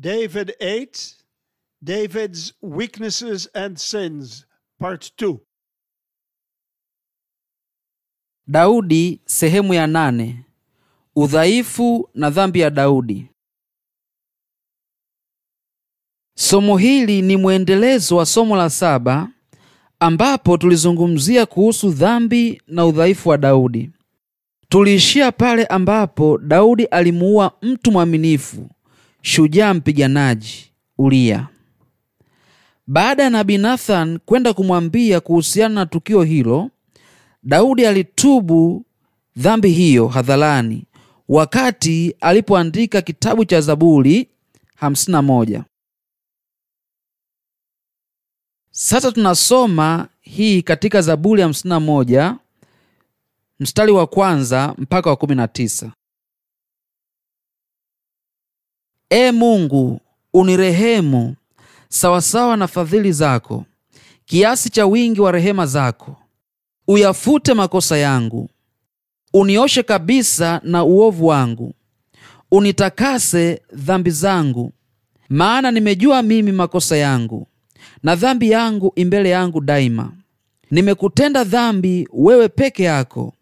David 8 David's Weaknesses and Sins, Part 2. Daudi sehemu ya nane. Udhaifu na dhambi ya Daudi. Somo hili ni mwendelezo wa somo la saba ambapo tulizungumzia kuhusu dhambi na udhaifu wa Daudi. Tuliishia pale ambapo Daudi alimuua mtu mwaminifu shujaa mpiganaji Uria. Baada ya nabii Nathan kwenda kumwambia kuhusiana na tukio hilo, Daudi alitubu dhambi hiyo hadharani wakati alipoandika kitabu cha Zaburi 51. Sasa tunasoma hii katika Zaburi 51 mstari wa kwanza mpaka wa 19. Ee Mungu, unirehemu sawasawa na fadhili zako, kiasi cha wingi wa rehema zako. Uyafute makosa yangu, unioshe kabisa na uovu wangu, unitakase dhambi zangu. Maana nimejua mimi makosa yangu, na dhambi yangu imbele yangu daima. Nimekutenda dhambi wewe peke yako,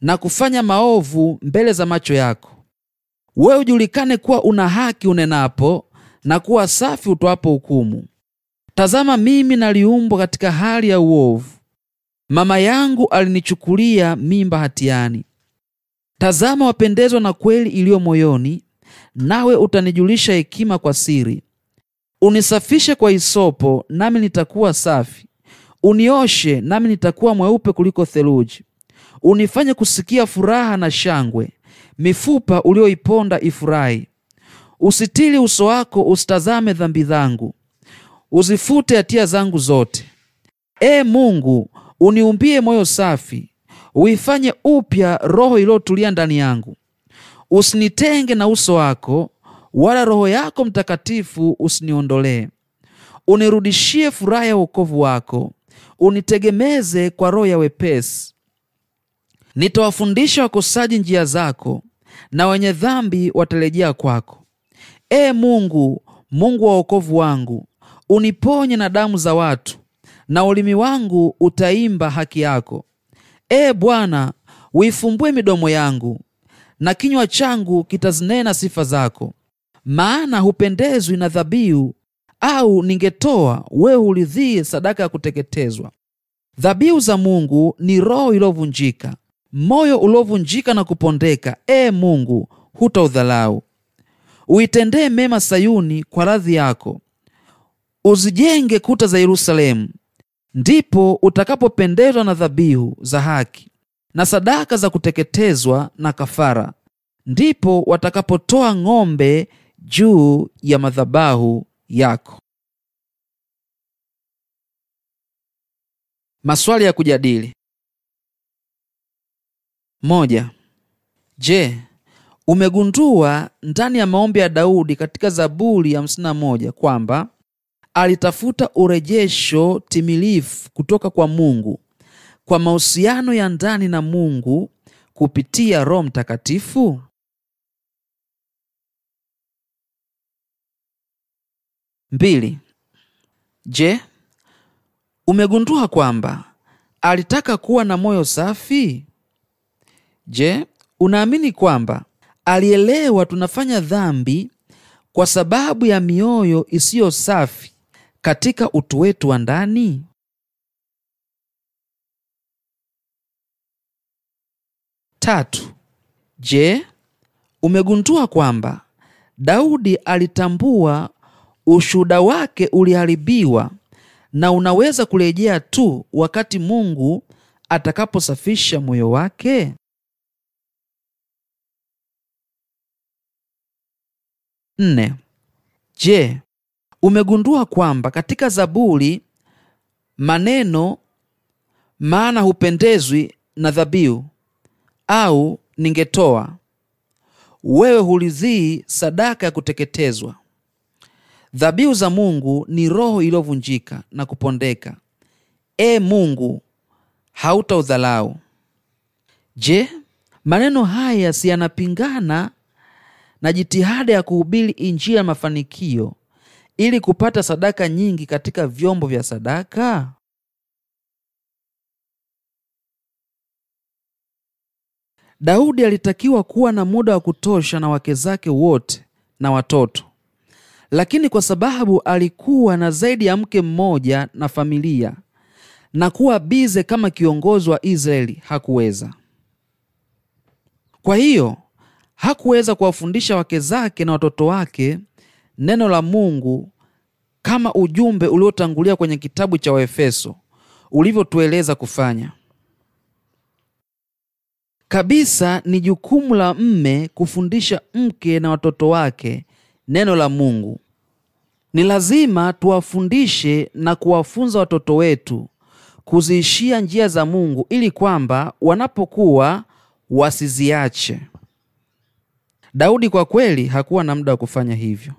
na kufanya maovu mbele za macho yako wewe ujulikane kuwa una haki unenapo na kuwa safi utoapo hukumu. Tazama, mimi naliumbwa katika hali ya uovu, mama yangu alinichukulia mimba hatiani. Tazama, wapendezwa na kweli iliyo moyoni, nawe utanijulisha hekima kwa siri. Unisafishe kwa isopo nami nitakuwa safi; unioshe, nami nitakuwa mweupe kuliko theluji. Unifanye kusikia furaha na shangwe, mifupa ulioiponda ifurahi. Usitili uso wako usitazame dhambi zangu, uzifute hatia zangu zote. Ee Mungu, uniumbie moyo safi, uifanye upya roho iliyotulia ndani yangu. Usinitenge na uso wako, wala Roho yako Mtakatifu usiniondolee. Unirudishie furaha ya wokovu wako, unitegemeze kwa roho ya wepesi. Nitawafundisha wakosaji njia zako, na wenye dhambi watarejea kwako. Ee Mungu, Mungu wa wokovu wangu, uniponye na damu za watu, na ulimi wangu utaimba haki yako. Ee Bwana, uifumbue midomo yangu, na kinywa changu kitazinena sifa zako. Maana hupendezwi na dhabihu, au ningetoa wewe hulidhie sadaka ya kuteketezwa. Dhabihu za Mungu ni roho iliyovunjika, Moyo uliovunjika na kupondeka, e Mungu, hutaudhalau. Uitendee mema Sayuni kwa radhi yako, uzijenge kuta za Yerusalemu. Ndipo utakapopendezwa na dhabihu za haki na sadaka za kuteketezwa na kafara, ndipo watakapotoa ng'ombe juu ya madhabahu yako. Maswali ya kujadili. Moja. Je, umegundua ndani ya maombi ya Daudi katika Zaburi ya hamsini na moja kwamba alitafuta urejesho timilifu kutoka kwa Mungu kwa mahusiano ya ndani na Mungu kupitia Roho Mtakatifu? Mbili. Je, umegundua kwamba alitaka kuwa na moyo safi Je, unaamini kwamba alielewa tunafanya dhambi kwa sababu ya mioyo isiyo safi katika utu wetu wa ndani? Tatu, je, umegundua kwamba Daudi alitambua ushuhuda wake uliharibiwa na unaweza kurejea tu wakati Mungu atakaposafisha moyo wake? nne. Je, umegundua kwamba katika Zaburi maneno maana hupendezwi na dhabihu au ningetoa, wewe hulizii sadaka ya kuteketezwa. Dhabihu za Mungu ni roho iliyovunjika na kupondeka. E Mungu, hautaudhalau. Je, maneno haya si yanapingana na jitihada ya kuhubiri Injili ya mafanikio ili kupata sadaka nyingi katika vyombo vya sadaka? Daudi alitakiwa kuwa na muda wa kutosha na wake zake wote na watoto, lakini kwa sababu alikuwa na zaidi ya mke mmoja na familia na kuwa bize kama kiongozi wa Israeli hakuweza. Kwa hiyo hakuweza kuwafundisha wake zake na watoto wake neno la Mungu kama ujumbe uliotangulia kwenye kitabu cha Waefeso ulivyotueleza kufanya. Kabisa ni jukumu la mme kufundisha mke na watoto wake neno la Mungu. Ni lazima tuwafundishe na kuwafunza watoto wetu kuziishia njia za Mungu ili kwamba wanapokuwa wasiziache. Daudi kwa kweli hakuwa na muda wa kufanya hivyo.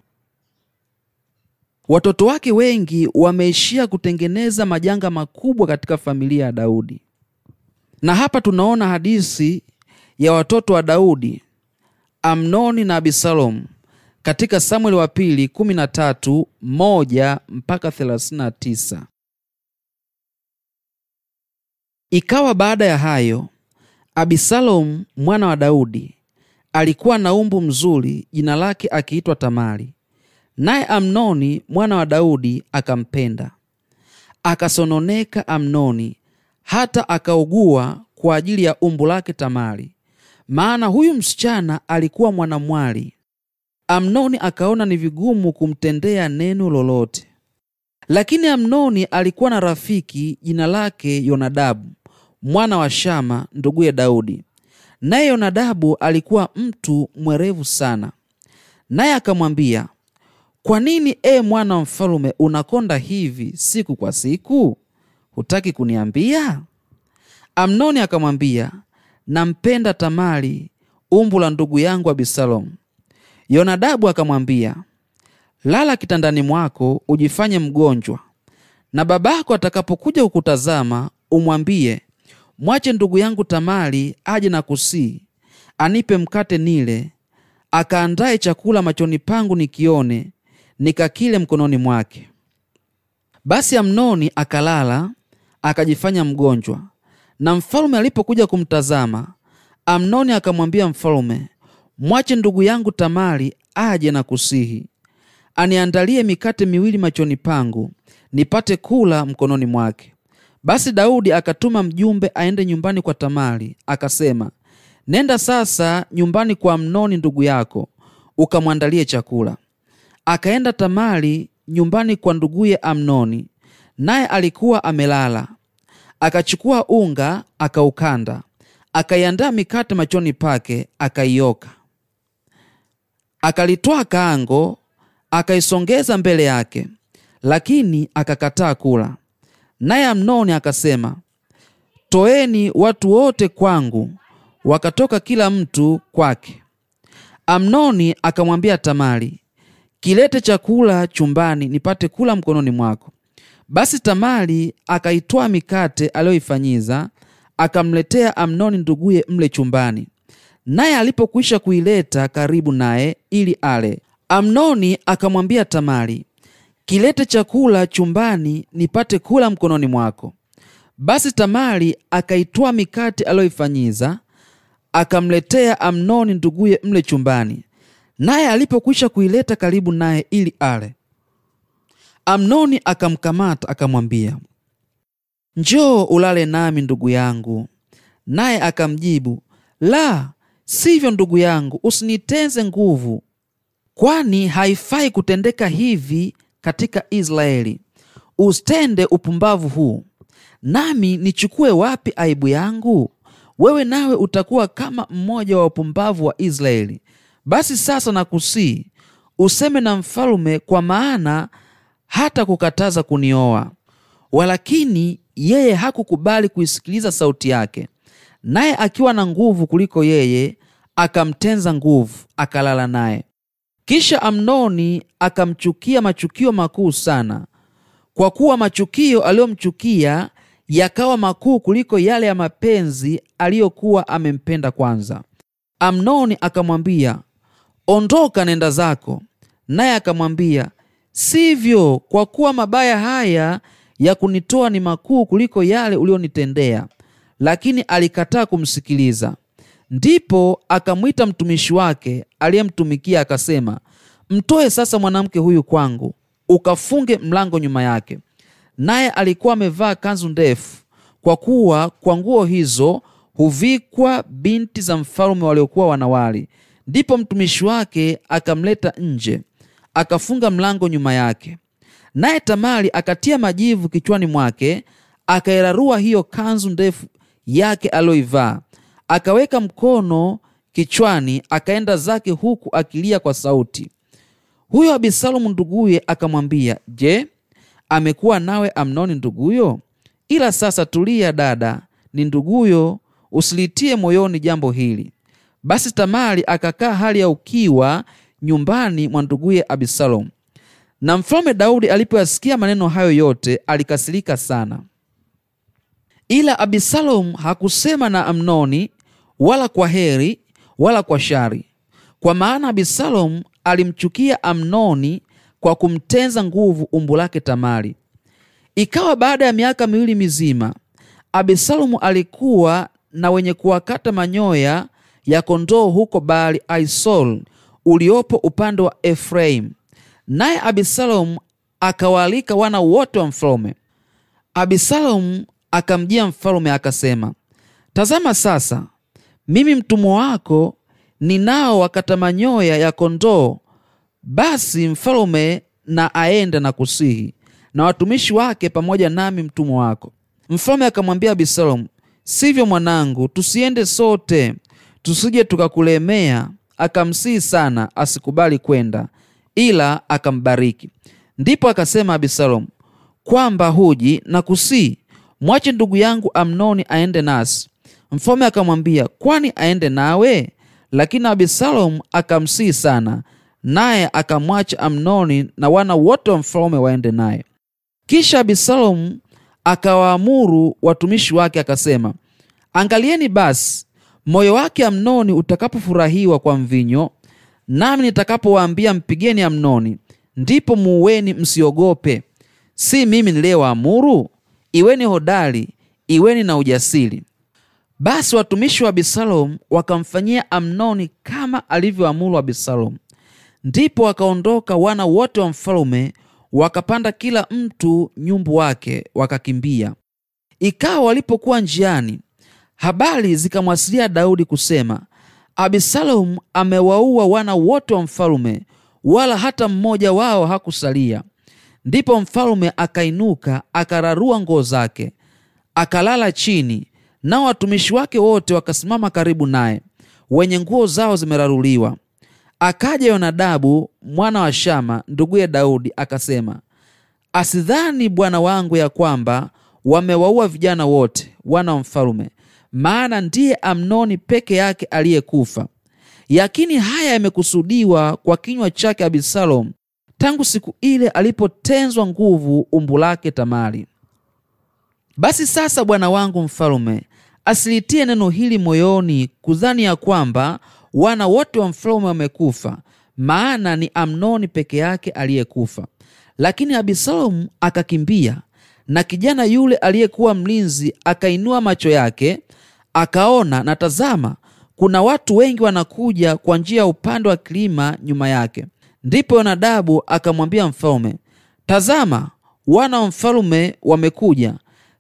Watoto wake wengi wameishia kutengeneza majanga makubwa katika familia ya Daudi, na hapa tunaona hadithi ya watoto wa Daudi, Amnoni na Abisalomu katika Samueli wa pili 13:1 mpaka 39. Ikawa baada ya hayo, Abisalomu mwana wa Daudi alikuwa na umbu mzuri, jina lake akiitwa Tamari. Naye Amnoni mwana wa Daudi akampenda. Akasononeka Amnoni hata akaugua kwa ajili ya umbu lake Tamari, maana huyu msichana alikuwa mwanamwali. Amnoni akaona ni vigumu kumtendea neno lolote. Lakini Amnoni alikuwa na rafiki jina lake Yonadabu mwana wa Shama nduguye Daudi. Naye Yonadabu alikuwa mtu mwerevu sana, naye akamwambia, kwa nini e mwana wa mfalume unakonda hivi siku kwa siku? Hutaki kuniambia? Amnoni akamwambia, nampenda Tamari umbu la ndugu yangu Abisalomu. Yonadabu akamwambia, lala kitandani mwako ujifanye mgonjwa, na babako atakapokuja kukutazama umwambie mwache ndugu yangu Tamari aje na kusii anipe mkate nile, akaandaye chakula machoni pangu nikione, nikakile mkononi mwake. Basi Amnoni akalala akajifanya mgonjwa, na mfalume alipokuja kumtazama, Amnoni akamwambia mfalume, mwache ndugu yangu Tamari aje na kusihi aniandalie mikate miwili machoni pangu nipate kula mkononi mwake. Basi Daudi akatuma mjumbe aende nyumbani kwa Tamari, akasema, nenda sasa nyumbani kwa Amnoni ndugu yako ukamwandalie chakula. Akaenda Tamari nyumbani kwa nduguye Amnoni, naye alikuwa amelala. Akachukua unga akaukanda, akaiandaa mikate machoni pake, akaioka. Akalitwaa kango akaisongeza mbele yake, lakini akakataa kula. Naye Amnoni akasema, toeni watu wote kwangu. Wakatoka kila mtu kwake. Amnoni akamwambia Tamari, kilete chakula chumbani nipate kula mkononi mwako. Basi Tamari akaitwaa mikate aliyoifanyiza akamletea Amnoni nduguye mle chumbani, naye alipokwisha kuileta karibu naye ili ale, Amnoni akamwambia Tamari, kilete chakula chumbani nipate kula mkononi mwako. Basi Tamari akaitwa mikate aliyoifanyiza akamletea Amnoni nduguye mle chumbani, naye alipokwisha kuileta karibu naye ili ale, Amnoni akamkamata akamwambia, njoo ulale nami ndugu yangu. Naye akamjibu, la sivyo, ndugu yangu, usinitenze nguvu, kwani haifai kutendeka hivi katika Israeli, usitende upumbavu huu. Nami nichukue wapi aibu yangu? Wewe nawe utakuwa kama mmoja wa upumbavu wa Israeli. Basi sasa nakusii useme na mfalume, kwa maana hata kukataza kunioa. Walakini yeye hakukubali kuisikiliza sauti yake, naye akiwa na nguvu kuliko yeye akamtenza nguvu, akalala naye. Kisha Amnoni akamchukia machukio makuu sana, kwa kuwa machukio aliyomchukia yakawa makuu kuliko yale ya mapenzi aliyokuwa amempenda kwanza. Amnoni akamwambia, ondoka, nenda zako. Naye akamwambia, sivyo, kwa kuwa mabaya haya ya kunitoa ni makuu kuliko yale ulionitendea. Lakini alikataa kumsikiliza. Ndipo akamwita mtumishi wake aliyemtumikia akasema, mtoe sasa mwanamke huyu kwangu, ukafunge mlango nyuma yake. Naye alikuwa amevaa kanzu ndefu, kwa kuwa kwa nguo hizo huvikwa binti za mfalume waliokuwa wanawali. Ndipo mtumishi wake akamleta nje, akafunga mlango nyuma yake. Naye Tamari akatia majivu kichwani mwake, akairarua hiyo kanzu ndefu yake aliyoivaa Akaweka mkono kichwani akaenda zake huku akilia kwa sauti. Huyo Abisalomu nduguye akamwambia, Je, amekuwa nawe Amnoni nduguyo? Ila sasa tulia, dada ni nduguyo, usilitie moyoni jambo hili. Basi Tamari akakaa hali ya ukiwa nyumbani mwa nduguye Abisalomu. Na mfalme Daudi alipoyasikia maneno hayo yote alikasirika sana. Ila Abisalomu hakusema na Amnoni wala kwa heri wala kwa shari, kwa maana Abisalomu alimchukia Amnoni kwa kumtenza nguvu umbu lake Tamari. Ikawa baada ya miaka miwili mizima, Abisalomu alikuwa na wenye kuwakata manyoya ya kondoo huko Baali Aisol uliopo upande wa Efraimu, naye Abisalomu akawaalika wana wote wa mfalume Abisalomu akamjia mfalume akasema, tazama sasa mimi mtumwa wako ninao wakata manyoya ya kondoo. Basi mfalume na aende na kusihi na watumishi wake pamoja nami mtumwa wako. Mfalume akamwambia Abisalomu, sivyo mwanangu, tusiende sote, tusije tukakulemea. Akamsihi sana, asikubali kwenda, ila akambariki. Ndipo akasema Abisalomu kwamba huji na kusihi, mwache ndugu yangu Amnoni aende nasi Mfalme akamwambia, kwani aende nawe? Lakini Abisalomu akamsihi sana, naye akamwacha Amnoni na wana wote wa mfalume waende naye. Kisha Abisalomu akawaamuru watumishi wake akasema, angalieni basi moyo wake Amnoni utakapofurahiwa kwa mvinyo, nami nitakapowaambia mpigeni Amnoni, ndipo muuweni, msiogope. Si mimi niliyewaamuru? Iweni hodari, iweni na ujasiri. Basi watumishi wa Abisalomu wakamfanyia Amnoni kama alivyoamuru Abisalomu. Ndipo wakaondoka wana wote wa mfalume, wakapanda kila mtu nyumbu wake, wakakimbia. Ikawa walipokuwa njiani, habari zikamwasilia Daudi kusema, Abisalomu amewaua wana wote wa mfalume, wala hata mmoja wao hakusalia. Ndipo mfalume akainuka, akararua nguo zake, akalala chini Nao watumishi wake wote wakasimama karibu naye, wenye nguo zao zimeraruliwa. Akaja Yonadabu mwana wa Shama nduguye Daudi akasema, asidhani bwana wangu ya kwamba wamewaua vijana wote wana wa mfalume, maana ndiye Amnoni peke yake aliyekufa. Yakini haya yamekusudiwa kwa kinywa chake Abisalomu tangu siku ile alipotenzwa nguvu umbu lake Tamari. Basi sasa, bwana wangu mfalume, Asilitie neno hili moyoni, kudhani ya kwamba wana wote wa mfalume wamekufa, maana ni Amnoni peke yake aliyekufa. Lakini Abisalomu akakimbia, na kijana yule aliyekuwa mlinzi akainua macho yake akaona, na tazama, kuna watu wengi wanakuja kwa njia ya upande wa kilima nyuma yake. Ndipo Yonadabu akamwambia mfalume tazama, wana wa mfalume wamekuja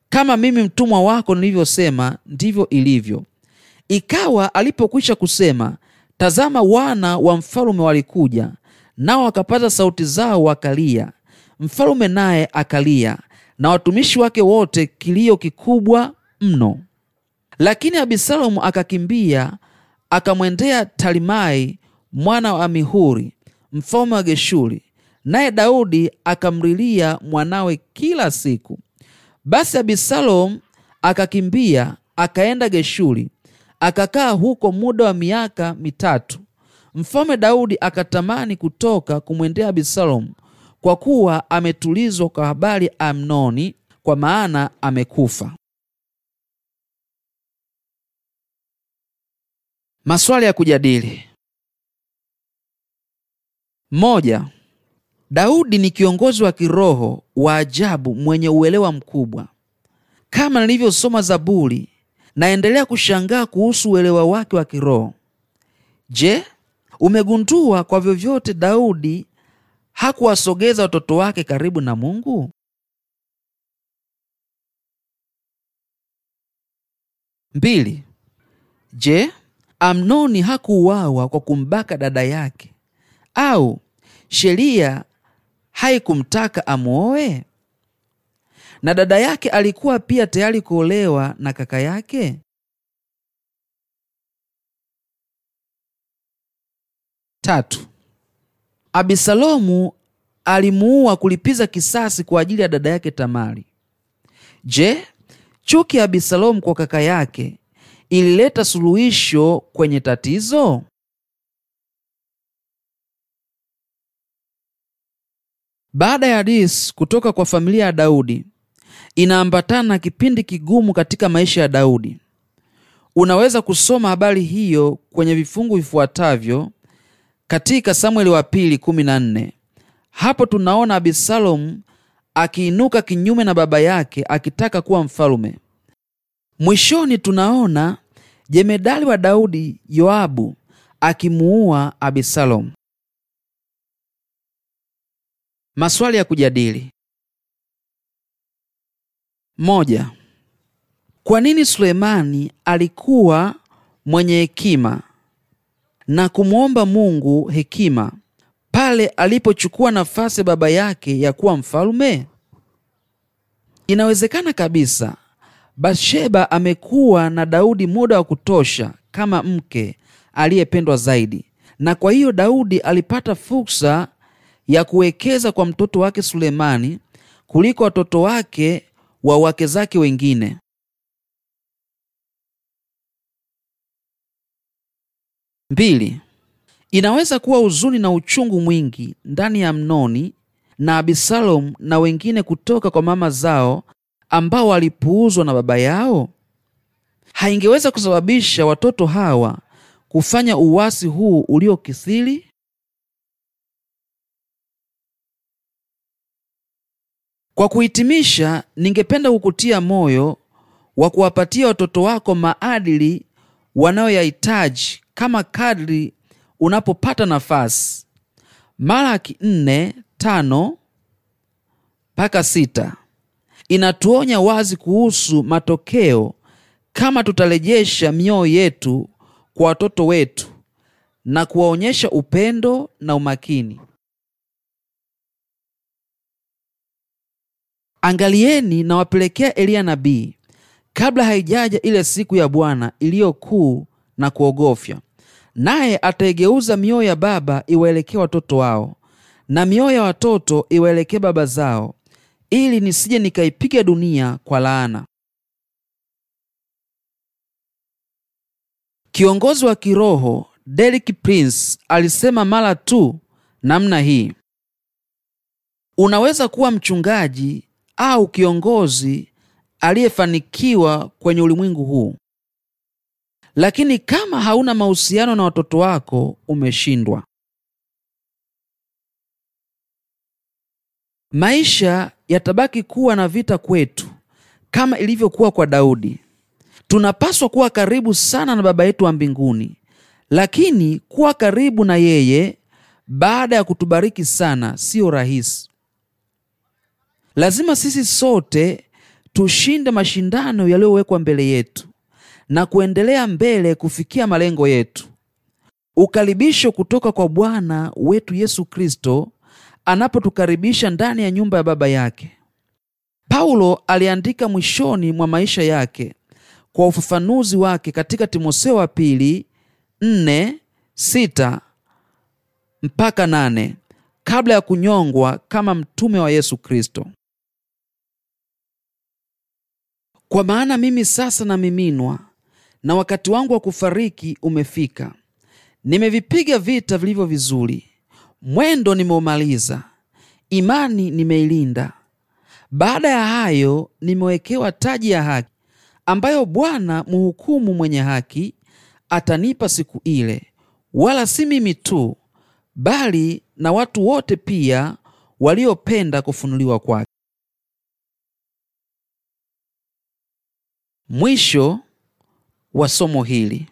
kama mimi mtumwa wako nilivyosema, ndivyo ilivyo. Ikawa alipokwisha kusema, tazama, wana wa mfalume walikuja, nao wakapata sauti zao, wakalia. Mfalume naye akalia na watumishi wake wote, kilio kikubwa mno. Lakini Abisalomu akakimbia akamwendea Talimai mwana wa mihuri mfalume wa Geshuri, naye Daudi akamlilia mwanawe kila siku. Basi Abisalomu akakimbia akaenda Geshuri, akakaa huko muda wa miaka mitatu. Mfalme Daudi akatamani kutoka kumwendea Abisalomu, kwa kuwa ametulizwa kwa habari Amnoni, kwa maana amekufa. Maswali ya kujadili: moja. Daudi ni kiongozi wa kiroho wa ajabu mwenye uelewa mkubwa. Kama nilivyosoma Zaburi, naendelea kushangaa kuhusu uelewa wake wa kiroho. Je, umegundua kwa vyovyote Daudi hakuwasogeza watoto wake karibu na Mungu? Mbili. Je, Amnoni hakuuawa kwa kumbaka dada yake au sheria haikumtaka amwoe? Na dada yake alikuwa pia tayari kuolewa na kaka yake. Tatu, Abisalomu alimuua kulipiza kisasi kwa ajili ya dada yake Tamari. Je, chuki ya Abisalomu kwa kaka yake ilileta suluhisho kwenye tatizo? Baada ya dis kutoka kwa familia ya Daudi inaambatana na kipindi kigumu katika maisha ya Daudi. Unaweza kusoma habari hiyo kwenye vifungu vifuatavyo katika Samueli wa pili kumi na nne. Hapo tunaona Abisalomu akiinuka kinyume na baba yake akitaka kuwa mfalume. Mwishoni tunaona jemedali wa Daudi Yoabu akimuua Abisalomu. Maswali ya kujadili. Moja. Kwa nini Sulemani alikuwa mwenye hekima na kumwomba Mungu hekima pale alipochukua nafasi baba yake ya kuwa mfalme? Inawezekana kabisa Bathsheba amekuwa na Daudi muda wa kutosha kama mke aliyependwa zaidi, na kwa hiyo Daudi alipata fursa ya kuwekeza kwa mtoto wake Sulemani kuliko watoto wake wa wake zake wengine. Mbili, inaweza kuwa huzuni na uchungu mwingi ndani ya Amnoni na Absalom na wengine kutoka kwa mama zao ambao walipuuzwa na baba yao. Haingeweza kusababisha watoto hawa kufanya uwasi huu uliokithiri? Kwa kuhitimisha, ningependa kukutia moyo wa kuwapatia watoto wako maadili wanayoyahitaji kama kadri unapopata nafasi. Malaki nne tano mpaka sita inatuonya wazi kuhusu matokeo kama tutarejesha mioyo yetu kwa watoto wetu na kuwaonyesha upendo na umakini. Angalieni, nawapelekea Eliya nabii kabla haijaja ile siku ya Bwana iliyo kuu na kuogofya, naye ataigeuza mioyo ya baba iwaelekee watoto wao na mioyo ya watoto iwaelekee baba zao, ili nisije nikaipiga dunia kwa laana. Kiongozi wa kiroho derik Prince alisema mara tu namna hii: unaweza kuwa mchungaji au kiongozi aliyefanikiwa kwenye ulimwengu huu, lakini kama hauna mahusiano na watoto wako umeshindwa. Maisha yatabaki kuwa na vita kwetu kama ilivyokuwa kwa Daudi. Tunapaswa kuwa karibu sana na Baba yetu wa mbinguni, lakini kuwa karibu na yeye baada ya kutubariki sana sio rahisi. Lazima sisi sote tushinde mashindano yaliyowekwa mbele yetu na kuendelea mbele kufikia malengo yetu. Ukaribisho kutoka kwa Bwana wetu Yesu Kristo anapotukaribisha ndani ya nyumba ya Baba yake. Paulo aliandika mwishoni mwa maisha yake kwa ufafanuzi wake katika Timotheo wa pili nne sita mpaka nane kabla ya kunyongwa kama mtume wa Yesu Kristo. Kwa maana mimi sasa namiminwa, na wakati wangu wa kufariki umefika. Nimevipiga vita vilivyo vizuri, mwendo nimeumaliza, imani nimeilinda. Baada ya hayo nimewekewa taji ya haki, ambayo Bwana mhukumu mwenye haki atanipa siku ile, wala si mimi tu, bali na watu wote pia waliopenda kufunuliwa kwake. Mwisho wa somo hili.